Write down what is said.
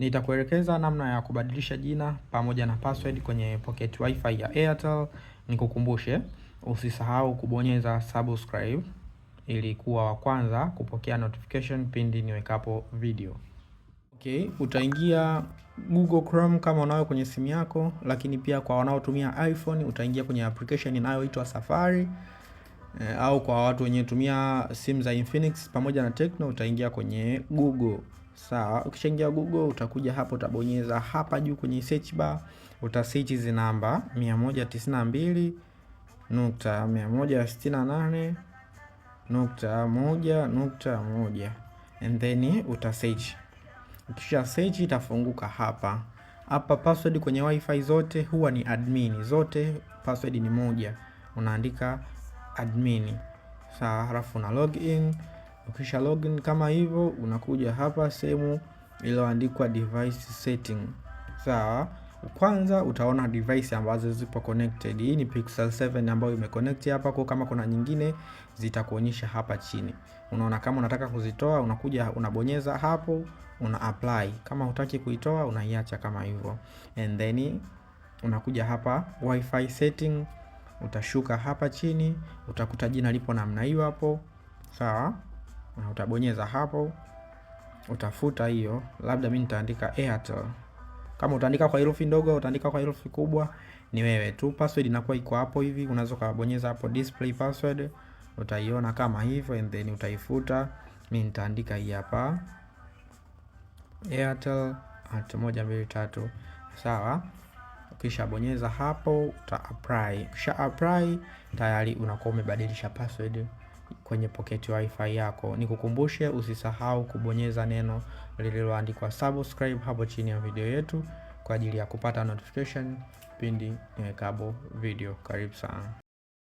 Nitakuelekeza namna ya kubadilisha jina pamoja na password kwenye pocket wifi ya Airtel. Nikukumbushe, usisahau kubonyeza subscribe ili kuwa wa kwanza kupokea notification pindi niwekapo video. Okay, utaingia Google Chrome kama unayo kwenye simu yako, lakini pia kwa wanaotumia iPhone utaingia kwenye application inayoitwa Safari e, au kwa watu wenye tumia simu za Infinix pamoja na Tecno utaingia kwenye Google. Sawa, ukishaingia Google utakuja hapo, utabonyeza hapa juu kwenye search bar, utasearch hizi namba 192 nukta 168 nukta moja nukta moja and then uta search. Ukisha search itafunguka hapa hapa. Password kwenye wifi zote huwa ni admin, zote password ni moja, unaandika admin. Sawa, halafu una login. Ukisha login kama hivyo, unakuja hapa sehemu iliyoandikwa device setting. Sawa, kwanza utaona device ambazo zipo connected. Hii ni Pixel 7 ambayo imeconnect hapa, kwa kama kuna nyingine zitakuonyesha hapa chini. Unaona, kama unataka kuzitoa unakuja unabonyeza hapo, una apply. Kama hutaki kuitoa unaiacha kama hivyo, and then unakuja hapa wifi setting utashuka hapa chini, utakuta jina lipo namna hiyo hapo, sawa, na utabonyeza hapo, utafuta hiyo. Labda mimi nitaandika Airtel. Kama utaandika kwa herufi ndogo, utaandika kwa herufi kubwa, ni wewe tu. Password inakuwa iko hapo hivi, unaweza kubonyeza hapo display password, utaiona kama hivyo, and then utaifuta. Mimi nitaandika hii hapa Airtel moja mbili tatu, sawa. Ukisha bonyeza hapo uta apply. Ukisha apply tayari unakuwa umebadilisha password kwenye pocket wifi yako. Nikukumbushe, usisahau kubonyeza neno lililoandikwa subscribe hapo chini ya video yetu kwa ajili ya kupata notification pindi niwekabo video. Karibu sana.